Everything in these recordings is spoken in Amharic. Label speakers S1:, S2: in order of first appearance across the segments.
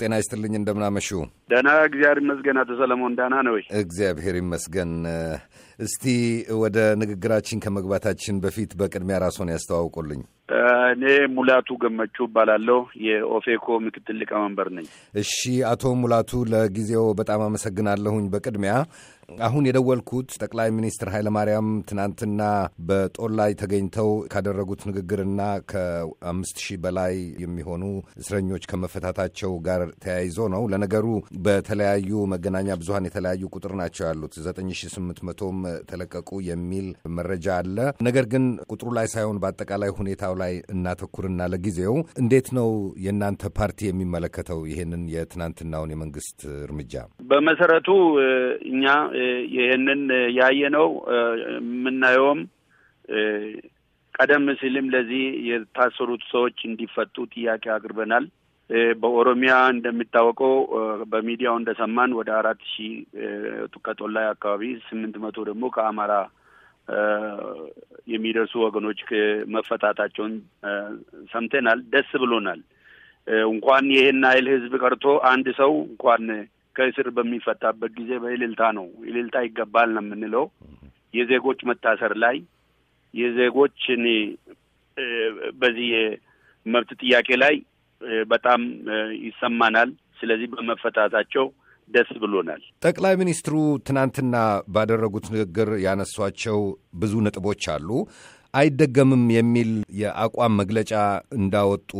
S1: ጤና ይስጥልኝ። እንደምናመሹ
S2: ደህና፣ እግዚአብሔር ይመስገን። አቶ ሰለሞን ደህና ነው
S1: እግዚአብሔር ይመስገን። እስቲ ወደ ንግግራችን ከመግባታችን በፊት በቅድሚያ ራስዎን ያስተዋውቁልኝ።
S2: እኔ ሙላቱ ገመቹ እባላለሁ። የኦፌኮ ምክትል ሊቀመንበር ነኝ።
S1: እሺ፣ አቶ ሙላቱ ለጊዜው በጣም አመሰግናለሁኝ። በቅድሚያ አሁን የደወልኩት ጠቅላይ ሚኒስትር ኃይለማርያም ትናንትና በጦር ላይ ተገኝተው ካደረጉት ንግግርና ከአምስት ሺህ በላይ የሚሆኑ እስረኞች ከመፈታታቸው ጋር ተያይዞ ነው። ለነገሩ በተለያዩ መገናኛ ብዙሀን የተለያዩ ቁጥር ናቸው ያሉት ዘጠኝ ሺህ ስምንት መቶም ተለቀቁ የሚል መረጃ አለ። ነገር ግን ቁጥሩ ላይ ሳይሆን በአጠቃላይ ሁኔታ ሁኔታው ላይ እናተኩርና ለጊዜው እንዴት ነው የእናንተ ፓርቲ የሚመለከተው ይሄንን የትናንትናውን የመንግስት እርምጃ?
S2: በመሰረቱ እኛ ይህንን ያየነው የምናየውም ቀደም ሲልም ለዚህ የታሰሩት ሰዎች እንዲፈቱ ጥያቄ አቅርበናል። በኦሮሚያ እንደሚታወቀው በሚዲያው እንደሰማን ወደ አራት ሺህ ከጦላይ አካባቢ ስምንት መቶ ደግሞ ከአማራ የሚደርሱ ወገኖች መፈታታቸውን ሰምተናል። ደስ ብሎናል። እንኳን ይሄን አይል ህዝብ ቀርቶ አንድ ሰው እንኳን ከእስር በሚፈታበት ጊዜ በእልልታ ነው። እልልታ ይገባል ነው የምንለው። የዜጎች መታሰር ላይ የዜጎችን በዚህ የመብት ጥያቄ ላይ በጣም ይሰማናል። ስለዚህ በመፈታታቸው ደስ ብሎናል።
S1: ጠቅላይ ሚኒስትሩ ትናንትና ባደረጉት ንግግር ያነሷቸው ብዙ ነጥቦች አሉ። አይደገምም የሚል የአቋም መግለጫ እንዳወጡ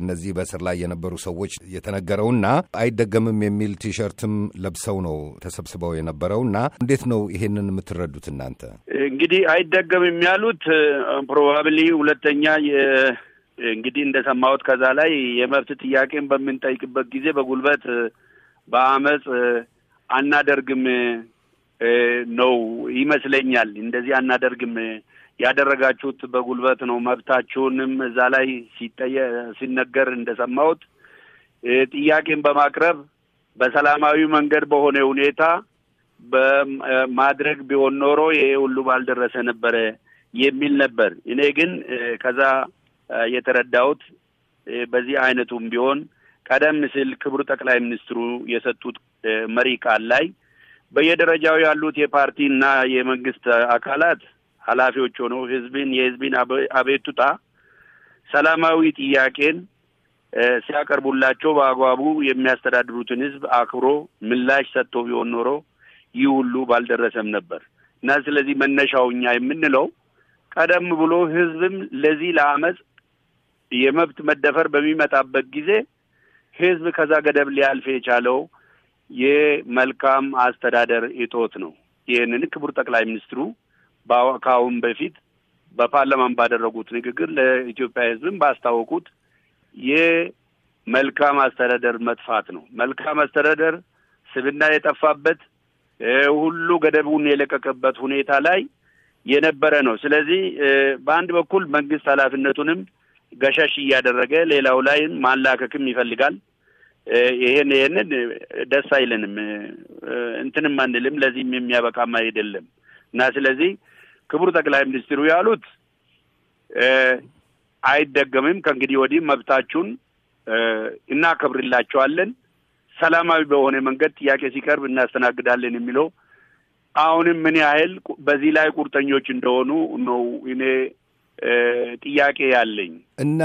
S1: እነዚህ በእስር ላይ የነበሩ ሰዎች የተነገረውና አይደገምም የሚል ቲሸርትም ለብሰው ነው ተሰብስበው የነበረውና እንዴት ነው ይሄንን የምትረዱት እናንተ?
S2: እንግዲህ አይደገምም ያሉት ፕሮባብሊ ሁለተኛ እንግዲህ እንደሰማሁት ከዛ ላይ የመብት ጥያቄን በምንጠይቅበት ጊዜ በጉልበት በአመፅ አናደርግም ነው ይመስለኛል። እንደዚህ አናደርግም ያደረጋችሁት በጉልበት ነው። መብታችሁንም እዛ ላይ ሲጠየ ሲነገር እንደሰማሁት ጥያቄን በማቅረብ በሰላማዊ መንገድ በሆነ ሁኔታ በማድረግ ቢሆን ኖሮ ይሄ ሁሉ ባልደረሰ ነበረ የሚል ነበር። እኔ ግን ከዛ የተረዳሁት በዚህ አይነቱም ቢሆን ቀደም ሲል ክቡር ጠቅላይ ሚኒስትሩ የሰጡት መሪ ቃል ላይ በየደረጃው ያሉት የፓርቲና የመንግስት አካላት ኃላፊዎች ሆነው ህዝብን የህዝብን አቤቱታ ሰላማዊ ጥያቄን ሲያቀርቡላቸው በአግባቡ የሚያስተዳድሩትን ህዝብ አክብሮ ምላሽ ሰጥቶ ቢሆን ኖሮ ይህ ሁሉ ባልደረሰም ነበር እና ስለዚህ መነሻው እኛ የምንለው ቀደም ብሎ ህዝብም ለዚህ ለአመፅ የመብት መደፈር በሚመጣበት ጊዜ ህዝብ ከዛ ገደብ ሊያልፍ የቻለው የመልካም አስተዳደር እጦት ነው። ይህንን ክቡር ጠቅላይ ሚኒስትሩ ከአሁን በፊት በፓርላማን ባደረጉት ንግግር ለኢትዮጵያ ህዝብም ባስታወቁት የመልካም አስተዳደር መጥፋት ነው። መልካም አስተዳደር ስብና የጠፋበት ሁሉ ገደቡን የለቀቀበት ሁኔታ ላይ የነበረ ነው። ስለዚህ በአንድ በኩል መንግስት ኃላፊነቱንም ገሸሽ እያደረገ ሌላው ላይም ማላከክም ይፈልጋል። ይሄን ይሄንን ደስ አይለንም፣ እንትንም አንልም። ለዚህም የሚያበቃም አይደለም እና ስለዚህ ክቡር ጠቅላይ ሚኒስትሩ ያሉት አይደገምም። ከእንግዲህ ወዲህ መብታችሁን እናከብርላቸዋለን፣ ሰላማዊ በሆነ መንገድ ጥያቄ ሲቀርብ እናስተናግዳለን የሚለው አሁንም ምን ያህል በዚህ ላይ ቁርጠኞች እንደሆኑ ነው እኔ ጥያቄ ያለኝ
S1: እና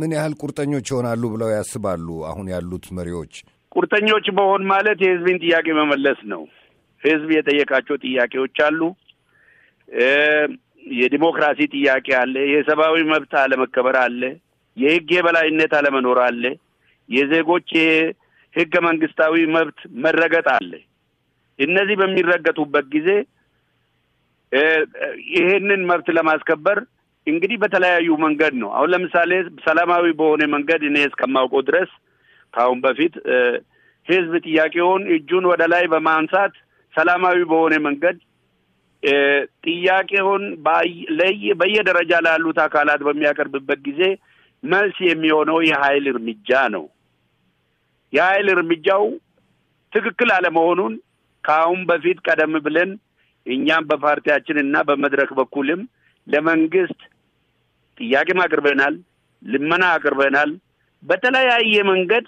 S1: ምን ያህል ቁርጠኞች ይሆናሉ ብለው ያስባሉ? አሁን ያሉት መሪዎች
S2: ቁርጠኞች መሆን ማለት የህዝብን ጥያቄ መመለስ ነው። ህዝብ የጠየቃቸው ጥያቄዎች አሉ። የዲሞክራሲ ጥያቄ አለ። የሰብአዊ መብት አለመከበር አለ። የህግ የበላይነት አለመኖር አለ። የዜጎች የህገ መንግስታዊ መብት መረገጥ አለ። እነዚህ በሚረገጡበት ጊዜ ይህንን መብት ለማስከበር እንግዲህ በተለያዩ መንገድ ነው። አሁን ለምሳሌ ሰላማዊ በሆነ መንገድ እኔ እስከማውቀው ድረስ ከአሁን በፊት ህዝብ ጥያቄውን እጁን ወደ ላይ በማንሳት ሰላማዊ በሆነ መንገድ ጥያቄውን በየደረጃ ላሉት አካላት በሚያቀርብበት ጊዜ መልስ የሚሆነው የኃይል እርምጃ ነው። የኃይል እርምጃው ትክክል አለመሆኑን ከአሁን በፊት ቀደም ብለን እኛም በፓርቲያችን እና በመድረክ በኩልም ለመንግስት ጥያቄም አቅርበናል፣ ልመና አቅርበናል። በተለያየ መንገድ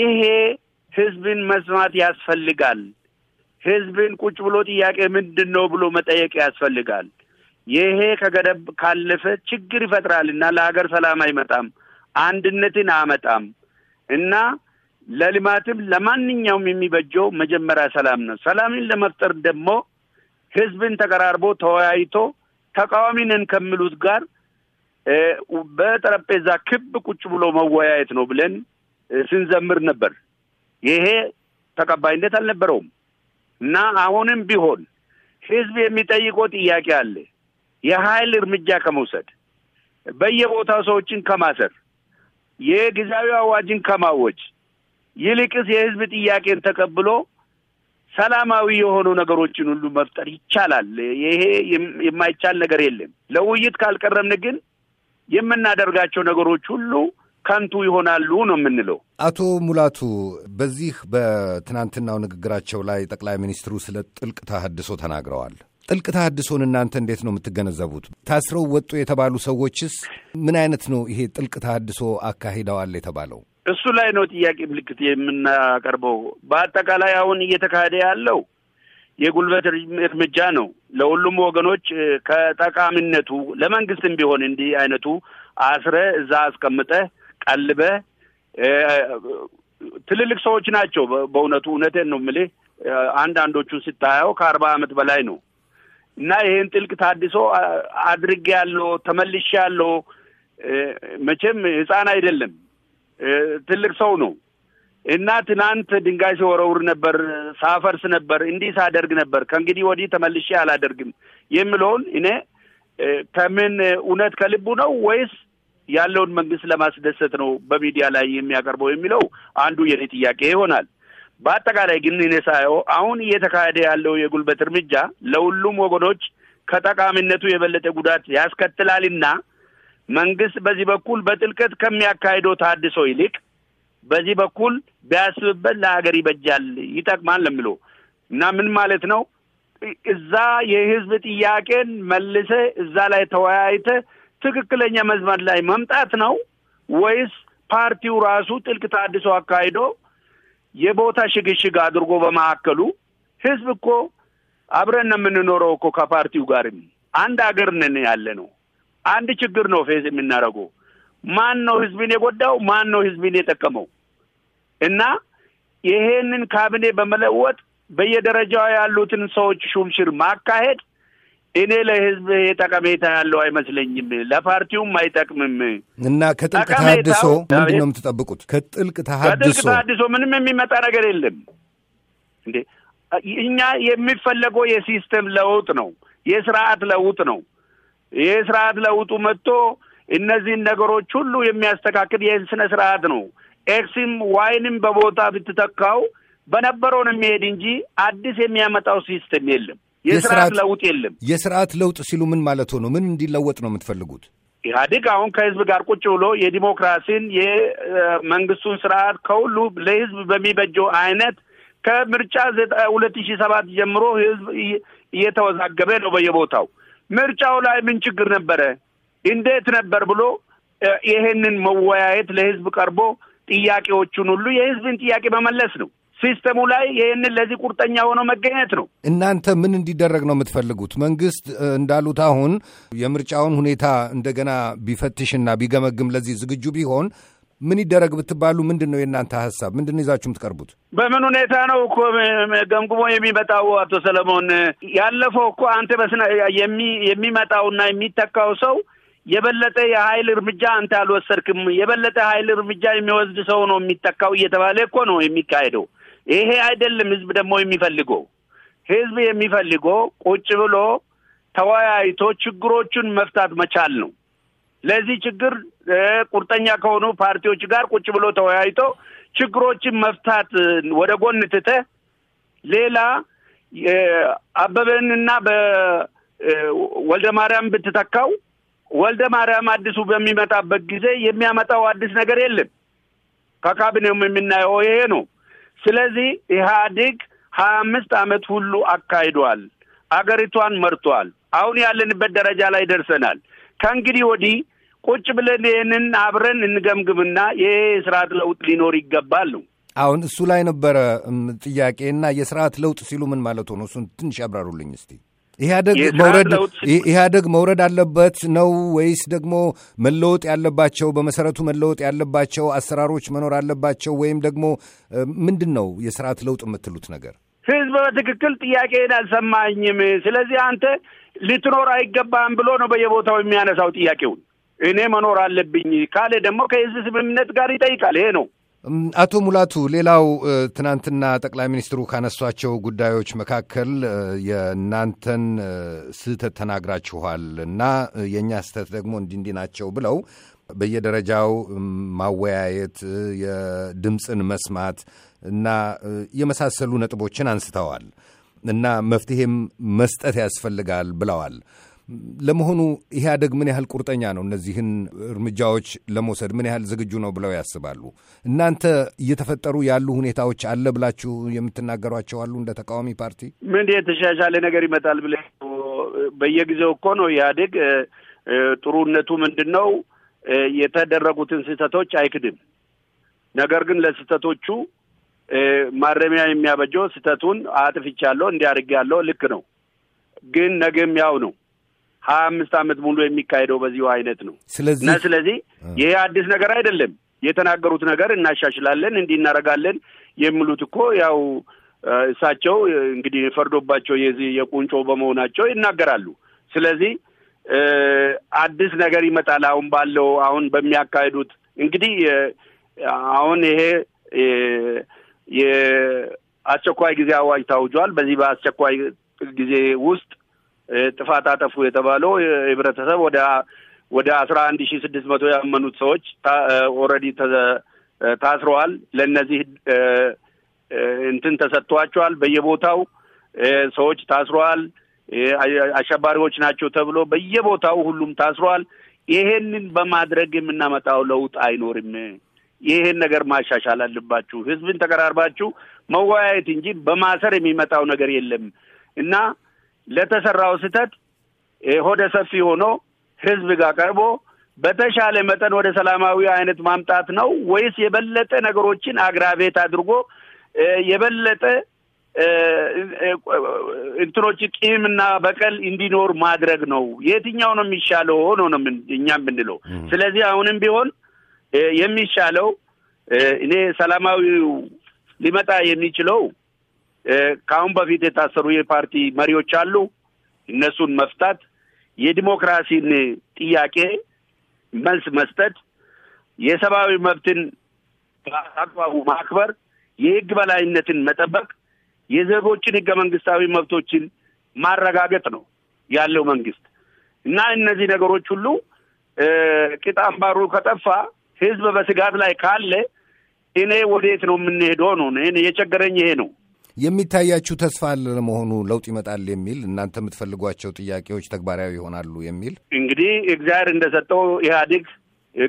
S2: ይሄ ህዝብን መስማት ያስፈልጋል። ህዝብን ቁጭ ብሎ ጥያቄ ምንድን ነው ብሎ መጠየቅ ያስፈልጋል። ይሄ ከገደብ ካለፈ ችግር ይፈጥራልና ለሀገር ሰላም አይመጣም፣ አንድነትን አመጣም እና ለልማትም ለማንኛውም የሚበጀው መጀመሪያ ሰላም ነው። ሰላምን ለመፍጠር ደግሞ ህዝብን ተቀራርቦ ተወያይቶ ተቃዋሚ ነን ከሚሉት ጋር በጠረጴዛ ክብ ቁጭ ብሎ መወያየት ነው ብለን ስንዘምር ነበር። ይሄ ተቀባይነት አልነበረውም እና አሁንም ቢሆን ህዝብ የሚጠይቀው ጥያቄ አለ። የኃይል እርምጃ ከመውሰድ በየቦታው ሰዎችን ከማሰር የጊዜያዊ አዋጅን ከማወጅ ይልቅስ የህዝብ ጥያቄን ተቀብሎ ሰላማዊ የሆኑ ነገሮችን ሁሉ መፍጠር ይቻላል። ይሄ የማይቻል ነገር የለም። ለውይይት ካልቀረብን ግን የምናደርጋቸው ነገሮች ሁሉ ከንቱ ይሆናሉ ነው የምንለው።
S1: አቶ ሙላቱ በዚህ በትናንትናው ንግግራቸው ላይ ጠቅላይ ሚኒስትሩ ስለ ጥልቅ ተሐድሶ ተናግረዋል። ጥልቅ ተሐድሶን እናንተ እንዴት ነው የምትገነዘቡት? ታስረው ወጡ የተባሉ ሰዎችስ ምን አይነት ነው ይሄ ጥልቅ ተሐድሶ አካሂደዋል የተባለው?
S2: እሱ ላይ ነው ጥያቄ ምልክት የምናቀርበው። በአጠቃላይ አሁን እየተካሄደ ያለው የጉልበት እርምጃ ነው። ለሁሉም ወገኖች ከጠቃሚነቱ ለመንግስትም ቢሆን እንዲህ አይነቱ አስረ እዛ አስቀምጠ ቀልበ ትልልቅ ሰዎች ናቸው። በእውነቱ እውነቴን ነው የምልህ። አንዳንዶቹን ስታየው ከአርባ ዓመት በላይ ነው እና ይሄን ጥልቅ ታድሶ አድርጌ ያለው ተመልሼ ያለው መቼም ህፃን አይደለም፣ ትልቅ ሰው ነው እና ትናንት ድንጋይ ሲወረውር ነበር፣ ሳፈርስ ነበር፣ እንዲህ ሳደርግ ነበር፣ ከእንግዲህ ወዲህ ተመልሼ አላደርግም የሚለውን እኔ ከምን እውነት ከልቡ ነው ወይስ ያለውን መንግስት ለማስደሰት ነው በሚዲያ ላይ የሚያቀርበው የሚለው አንዱ የኔ ጥያቄ ይሆናል። በአጠቃላይ ግን እኔ ሳየው አሁን እየተካሄደ ያለው የጉልበት እርምጃ ለሁሉም ወገኖች ከጠቃሚነቱ የበለጠ ጉዳት ያስከትላልና መንግስት በዚህ በኩል በጥልቀት ከሚያካሂደው ታድሶ ይልቅ በዚህ በኩል ቢያስብበት ለሀገር ይበጃል፣ ይጠቅማል ለምሎ እና ምን ማለት ነው እዛ የህዝብ ጥያቄን መልሰ እዛ ላይ ተወያይተ ትክክለኛ መዝመድ ላይ መምጣት ነው ወይስ ፓርቲው ራሱ ጥልቅ ታድሶ አካሂዶ የቦታ ሽግሽግ አድርጎ በመካከሉ ህዝብ እኮ አብረን ነው የምንኖረው እኮ ከፓርቲው ጋርም አንድ አገር ነን ያለ ነው። አንድ ችግር ነው ፌዝ የምናደርገው ማን ነው ህዝብን የጎዳው? ማን ነው ህዝብን የጠቀመው? እና ይሄንን ካቢኔ በመለወጥ በየደረጃው ያሉትን ሰዎች ሹምሽር ማካሄድ እኔ ለህዝብ ጠቀሜታ ያለው አይመስለኝም፣ ለፓርቲውም አይጠቅምም።
S1: እና ከጥልቅ ተሃድሶ ምንድን ነው የምትጠብቁት? ከጥልቅ ተሃድሶ ተሃድሶ
S2: ምንም የሚመጣ ነገር የለም እንዴ። እኛ የሚፈለገው የሲስተም ለውጥ ነው፣ የስርዓት ለውጥ ነው። የስርዓት ለውጡ መጥቶ እነዚህን ነገሮች ሁሉ የሚያስተካክል ይህን ስነ ስርዓት ነው። ኤክስም ዋይንም በቦታ ብትተካው በነበረውን የሚሄድ እንጂ አዲስ የሚያመጣው ሲስተም የለም። የስርዓት ለውጥ የለም።
S1: የስርዓት ለውጥ ሲሉ ምን ማለት ሆኖ ምን እንዲለወጥ ነው የምትፈልጉት?
S2: ኢህአዴግ አሁን ከህዝብ ጋር ቁጭ ብሎ የዲሞክራሲን የመንግስቱን ስርዓት ከሁሉ ለህዝብ በሚበጀው አይነት ከምርጫ ሁለት ሺህ ሰባት ጀምሮ ህዝብ እየተወዛገበ ነው በየቦታው። ምርጫው ላይ ምን ችግር ነበረ? እንዴት ነበር ብሎ ይሄንን መወያየት ለህዝብ ቀርቦ ጥያቄዎቹን ሁሉ የህዝብን ጥያቄ መመለስ ነው። ሲስተሙ ላይ ይህንን ለዚህ ቁርጠኛ ሆኖ መገኘት ነው።
S1: እናንተ ምን እንዲደረግ ነው የምትፈልጉት? መንግስት እንዳሉት አሁን የምርጫውን ሁኔታ እንደገና ቢፈትሽና ቢገመግም ለዚህ ዝግጁ ቢሆን ምን ይደረግ ብትባሉ ምንድን ነው የእናንተ ሀሳብ? ምንድን ነው ይዛችሁ የምትቀርቡት?
S2: በምን ሁኔታ ነው እኮ ገምግሞ የሚመጣው? አቶ ሰለሞን፣ ያለፈው እኮ አንተ የሚመጣውና የሚተካው ሰው የበለጠ የኃይል እርምጃ አንተ አልወሰድክም፣ የበለጠ ኃይል እርምጃ የሚወስድ ሰው ነው የሚተካው እየተባለ እኮ ነው የሚካሄደው። ይሄ አይደለም ህዝብ ደግሞ የሚፈልገው። ህዝብ የሚፈልገው ቁጭ ብሎ ተወያይቶ ችግሮቹን መፍታት መቻል ነው። ለዚህ ችግር ቁርጠኛ ከሆኑ ፓርቲዎች ጋር ቁጭ ብሎ ተወያይቶ ችግሮችን መፍታት ወደ ጎን ትተህ ሌላ አበበንና በወልደ ማርያም ብትተካው ወልደ ማርያም አዲሱ በሚመጣበት ጊዜ የሚያመጣው አዲስ ነገር የለም። ከካቢኔውም የምናየው ይሄ ነው። ስለዚህ ኢህአዲግ ሀያ አምስት አመት ሁሉ አካሂዷል። አገሪቷን መርቷል። አሁን ያለንበት ደረጃ ላይ ደርሰናል። ከእንግዲህ ወዲህ ቁጭ ብለን ይህንን አብረን እንገምግምና ይሄ የስርዓት ለውጥ ሊኖር ይገባል ነው።
S1: አሁን እሱ ላይ ነበረ እና የስርዓት ለውጥ ሲሉ ምን ማለት ሆነ? እሱን ትንሽ ያብራሩልኝ እስቲ። ኢህአደግ መውረድ አለበት ነው ወይስ ደግሞ መለወጥ ያለባቸው በመሰረቱ መለወጥ ያለባቸው አሰራሮች መኖር አለባቸው ወይም ደግሞ ምንድን ነው የስርዓት ለውጥ የምትሉት ነገር?
S2: ህዝብ በትክክል ጥያቄን አልሰማኝም። ስለዚህ አንተ ልትኖር አይገባም ብሎ ነው በየቦታው የሚያነሳው ጥያቄውን። እኔ መኖር አለብኝ ካለ ደግሞ ከህዝብ ስምምነት ጋር ይጠይቃል። ይሄ ነው
S1: አቶ ሙላቱ ሌላው ትናንትና ጠቅላይ ሚኒስትሩ ካነሷቸው ጉዳዮች መካከል የእናንተን ስህተት ተናግራችኋል እና የእኛ ስህተት ደግሞ እንዲህ እንዲህ ናቸው ብለው በየደረጃው ማወያየት፣ የድምፅን መስማት እና የመሳሰሉ ነጥቦችን አንስተዋል እና መፍትሄም መስጠት ያስፈልጋል ብለዋል። ለመሆኑ ኢህአደግ ምን ያህል ቁርጠኛ ነው እነዚህን እርምጃዎች ለመውሰድ ምን ያህል ዝግጁ ነው ብለው ያስባሉ? እናንተ እየተፈጠሩ ያሉ ሁኔታዎች አለ ብላችሁ የምትናገሯቸው አሉ? እንደ ተቃዋሚ ፓርቲ
S2: ምን የተሻሻለ ነገር ይመጣል ብለ በየጊዜው እኮ ነው ኢህአዴግ ጥሩነቱ ምንድን ነው? የተደረጉትን ስህተቶች አይክድም። ነገር ግን ለስህተቶቹ ማረሚያ የሚያበጀው ስህተቱን አጥፍቻለሁ እንዲያርግ ያለው ልክ ነው፣ ግን ነገም ያው ነው ሀያ አምስት ዓመት ሙሉ የሚካሄደው በዚሁ አይነት ነው። ስለዚህ እና ስለዚህ ይሄ አዲስ ነገር አይደለም። የተናገሩት ነገር እናሻሽላለን፣ እንዲህ እናደርጋለን የሚሉት እኮ ያው እሳቸው እንግዲህ ፈርዶባቸው የዚህ የቁንጮ በመሆናቸው ይናገራሉ። ስለዚህ አዲስ ነገር ይመጣል። አሁን ባለው አሁን በሚያካሂዱት እንግዲህ አሁን ይሄ የአስቸኳይ ጊዜ አዋጅ ታውጇል። በዚህ በአስቸኳይ ጊዜ ውስጥ ጥፋት አጠፉ የተባለው ህብረተሰብ ወደ ወደ አስራ አንድ ሺ ስድስት መቶ ያመኑት ሰዎች ኦልሬዲ ታስረዋል። ለእነዚህ እንትን ተሰጥቷቸዋል። በየቦታው ሰዎች ታስረዋል። አሸባሪዎች ናቸው ተብሎ በየቦታው ሁሉም ታስረዋል። ይሄንን በማድረግ የምናመጣው ለውጥ አይኖርም። ይሄን ነገር ማሻሻል አለባችሁ። ህዝብን ተቀራርባችሁ መወያየት እንጂ በማሰር የሚመጣው ነገር የለም እና ለተሰራው ስህተት ሆደ ሰፊ ሆኖ ህዝብ ጋር ቀርቦ በተሻለ መጠን ወደ ሰላማዊ አይነት ማምጣት ነው ወይስ የበለጠ ነገሮችን አግራቤት አድርጎ የበለጠ እንትኖች ቂምና በቀል እንዲኖር ማድረግ ነው? የትኛው ነው የሚሻለው? ሆኖ ነው እኛ የምንለው። ስለዚህ አሁንም ቢሆን የሚሻለው እኔ ሰላማዊው ሊመጣ የሚችለው ከአሁን በፊት የታሰሩ የፓርቲ መሪዎች አሉ። እነሱን መፍታት፣ የዲሞክራሲን ጥያቄ መልስ መስጠት፣ የሰብአዊ መብትን በአግባቡ ማክበር፣ የህግ በላይነትን መጠበቅ፣ የዜጎችን ህገ መንግስታዊ መብቶችን ማረጋገጥ ነው ያለው መንግስት እና እነዚህ ነገሮች ሁሉ ቅጥ አምባሩ ከጠፋ ህዝብ በስጋት ላይ ካለ እኔ ወዴት ነው የምንሄደው? ነው የቸገረኝ ይሄ ነው።
S1: የሚታያችሁ ተስፋ አለ ለመሆኑ ለውጥ ይመጣል የሚል እናንተ የምትፈልጓቸው ጥያቄዎች ተግባራዊ ይሆናሉ የሚል
S2: እንግዲህ እግዚአብሔር እንደሰጠው ኢህአዴግ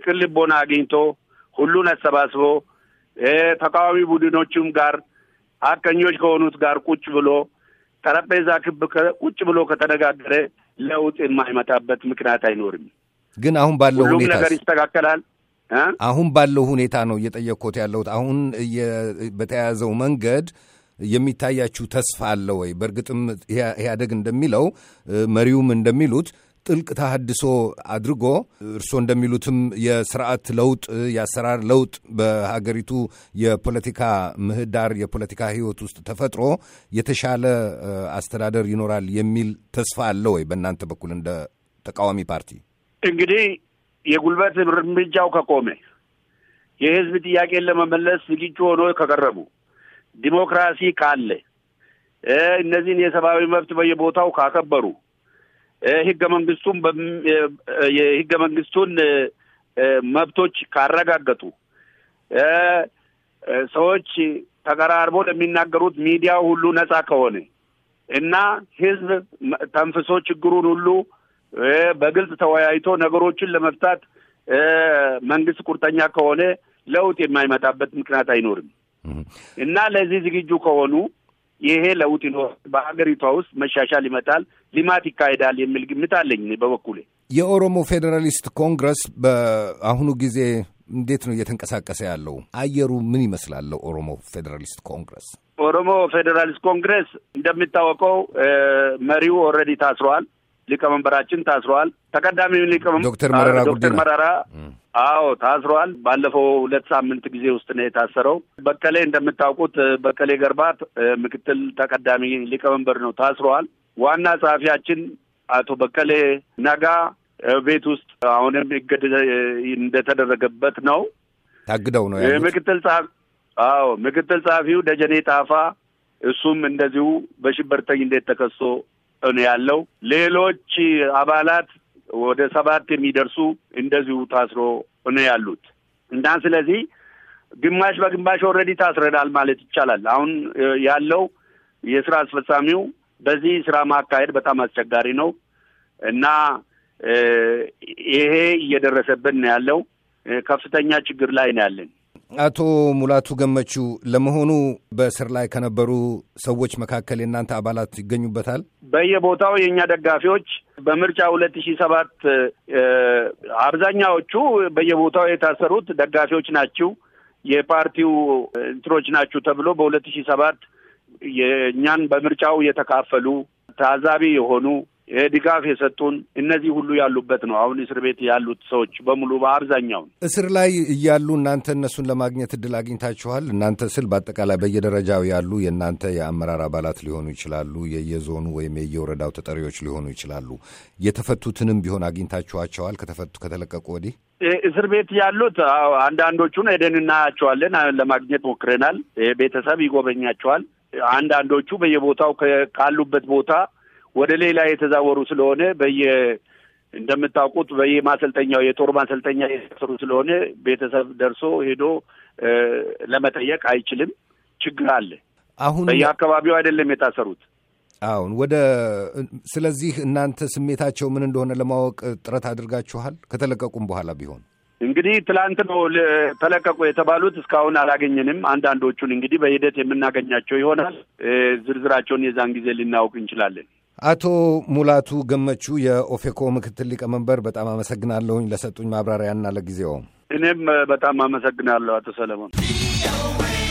S2: ቅን ልቦና አግኝቶ ሁሉን አሰባስቦ ተቃዋሚ ቡድኖችም ጋር አቀኞች ከሆኑት ጋር ቁጭ ብሎ ጠረጴዛ ክብ ቁጭ ብሎ ከተነጋገረ ለውጥ የማይመጣበት ምክንያት አይኖርም።
S1: ግን አሁን ባለው ሁሉም ነገር
S2: ይስተካከላል።
S1: አሁን ባለው ሁኔታ ነው እየጠየቅኩት ያለሁት። አሁን በተያያዘው መንገድ የሚታያችሁ ተስፋ አለ ወይ? በእርግጥም ኢህአደግ እንደሚለው መሪውም እንደሚሉት ጥልቅ ተሃድሶ አድርጎ እርስዎ እንደሚሉትም የስርዓት ለውጥ የአሰራር ለውጥ በሀገሪቱ የፖለቲካ ምህዳር የፖለቲካ ህይወት ውስጥ ተፈጥሮ የተሻለ አስተዳደር ይኖራል የሚል ተስፋ አለ ወይ በእናንተ በኩል እንደ ተቃዋሚ ፓርቲ?
S2: እንግዲህ የጉልበት እርምጃው ከቆመ የህዝብ ጥያቄን ለመመለስ ዝግጁ ሆኖ ከቀረቡ ዲሞክራሲ ካለ እነዚህን የሰብአዊ መብት በየቦታው ካከበሩ ህገ መንግስቱን የህገ መንግስቱን መብቶች ካረጋገጡ ሰዎች ተቀራርቦ ለሚናገሩት ሚዲያው ሁሉ ነጻ ከሆነ እና ህዝብ ተንፍሶ ችግሩን ሁሉ በግልጽ ተወያይቶ ነገሮችን ለመፍታት መንግስት ቁርጠኛ ከሆነ ለውጥ የማይመጣበት ምክንያት አይኖርም። እና ለዚህ ዝግጁ ከሆኑ ይሄ ለውጥ ይኖራል፣ በሀገሪቷ ውስጥ መሻሻል ይመጣል፣ ልማት ይካሄዳል የሚል ግምት አለኝ በበኩሌ።
S1: የኦሮሞ ፌዴራሊስት ኮንግረስ በአሁኑ ጊዜ እንዴት ነው እየተንቀሳቀሰ ያለው? አየሩ ምን ይመስላል? ኦሮሞ
S2: ፌዴራሊስት ኮንግረስ ኦሮሞ ፌዴራሊስት ኮንግረስ እንደሚታወቀው መሪው ኦልሬዲ ታስሯል። ሊቀመንበራችን ታስረዋል። ተቀዳሚውን ሊቀመንበር ዶክተር መረራ ዶክተር መረራ አዎ ታስረዋል። ባለፈው ሁለት ሳምንት ጊዜ ውስጥ ነው የታሰረው። በቀሌ እንደምታውቁት በቀሌ ገርባት ምክትል ተቀዳሚ ሊቀመንበር ነው፣ ታስረዋል። ዋና ጸሐፊያችን አቶ በቀሌ ነጋ ቤት ውስጥ አሁንም እገድ እንደተደረገበት ነው። ታግደው ነው ምክትል ጸሐፊ አዎ ምክትል ጸሐፊው ደጀኔ ጣፋ እሱም እንደዚሁ በሽበርተኝ እንዴት ተከሶ ነው ያለው። ሌሎች አባላት ወደ ሰባት የሚደርሱ እንደዚሁ ታስሮ ነው ያሉት እና ስለዚህ ግማሽ በግማሽ ኦልሬዲ ታስረናል ማለት ይቻላል። አሁን ያለው የስራ አስፈጻሚው በዚህ ስራ ማካሄድ በጣም አስቸጋሪ ነው እና ይሄ እየደረሰብን ነው ያለው። ከፍተኛ ችግር ላይ ነው ያለን።
S1: አቶ ሙላቱ ገመቹ ለመሆኑ በእስር ላይ ከነበሩ ሰዎች መካከል የእናንተ አባላት ይገኙበታል?
S2: በየቦታው የእኛ ደጋፊዎች በምርጫ ሁለት ሺህ ሰባት አብዛኛዎቹ በየቦታው የታሰሩት ደጋፊዎች ናችሁ፣ የፓርቲው እንትኖች ናችሁ ተብሎ በሁለት ሺህ ሰባት የእኛን በምርጫው የተካፈሉ ታዛቢ የሆኑ ድጋፍ የሰጡን እነዚህ ሁሉ ያሉበት ነው። አሁን እስር ቤት ያሉት ሰዎች በሙሉ በአብዛኛው
S1: እስር ላይ እያሉ እናንተ እነሱን ለማግኘት እድል አግኝታችኋል? እናንተ ስል በአጠቃላይ በየደረጃው ያሉ የእናንተ የአመራር አባላት ሊሆኑ ይችላሉ፣ የየዞኑ ወይም የየወረዳው ተጠሪዎች ሊሆኑ ይችላሉ። የተፈቱትንም ቢሆን አግኝታችኋቸዋል? ከተፈቱ ከተለቀቁ ወዲህ
S2: እስር ቤት ያሉት አንዳንዶቹን ሄደን እናያቸዋለን፣ ለማግኘት ሞክረናል። ቤተሰብ ይጎበኛቸዋል። አንዳንዶቹ በየቦታው ካሉበት ቦታ ወደ ሌላ የተዛወሩ ስለሆነ በየ እንደምታውቁት በየማሰልጠኛው የጦር ማሰልጠኛ የሰሩ ስለሆነ ቤተሰብ ደርሶ ሄዶ ለመጠየቅ አይችልም። ችግር አለ። አሁን በየአካባቢው አይደለም የታሰሩት።
S1: አሁን ወደ ስለዚህ እናንተ ስሜታቸው ምን እንደሆነ ለማወቅ ጥረት አድርጋችኋል? ከተለቀቁም በኋላ ቢሆን
S2: እንግዲህ ትላንት ነው ተለቀቁ የተባሉት። እስካሁን አላገኘንም። አንዳንዶቹን እንግዲህ በሂደት የምናገኛቸው ይሆናል። ዝርዝራቸውን የዛን ጊዜ ልናውቅ እንችላለን።
S1: አቶ ሙላቱ ገመቹ የኦፌኮ ምክትል ሊቀመንበር፣ በጣም አመሰግናለሁኝ ለሰጡኝ ማብራሪያና
S2: ለጊዜው። እኔም በጣም አመሰግናለሁ አቶ ሰለሞን።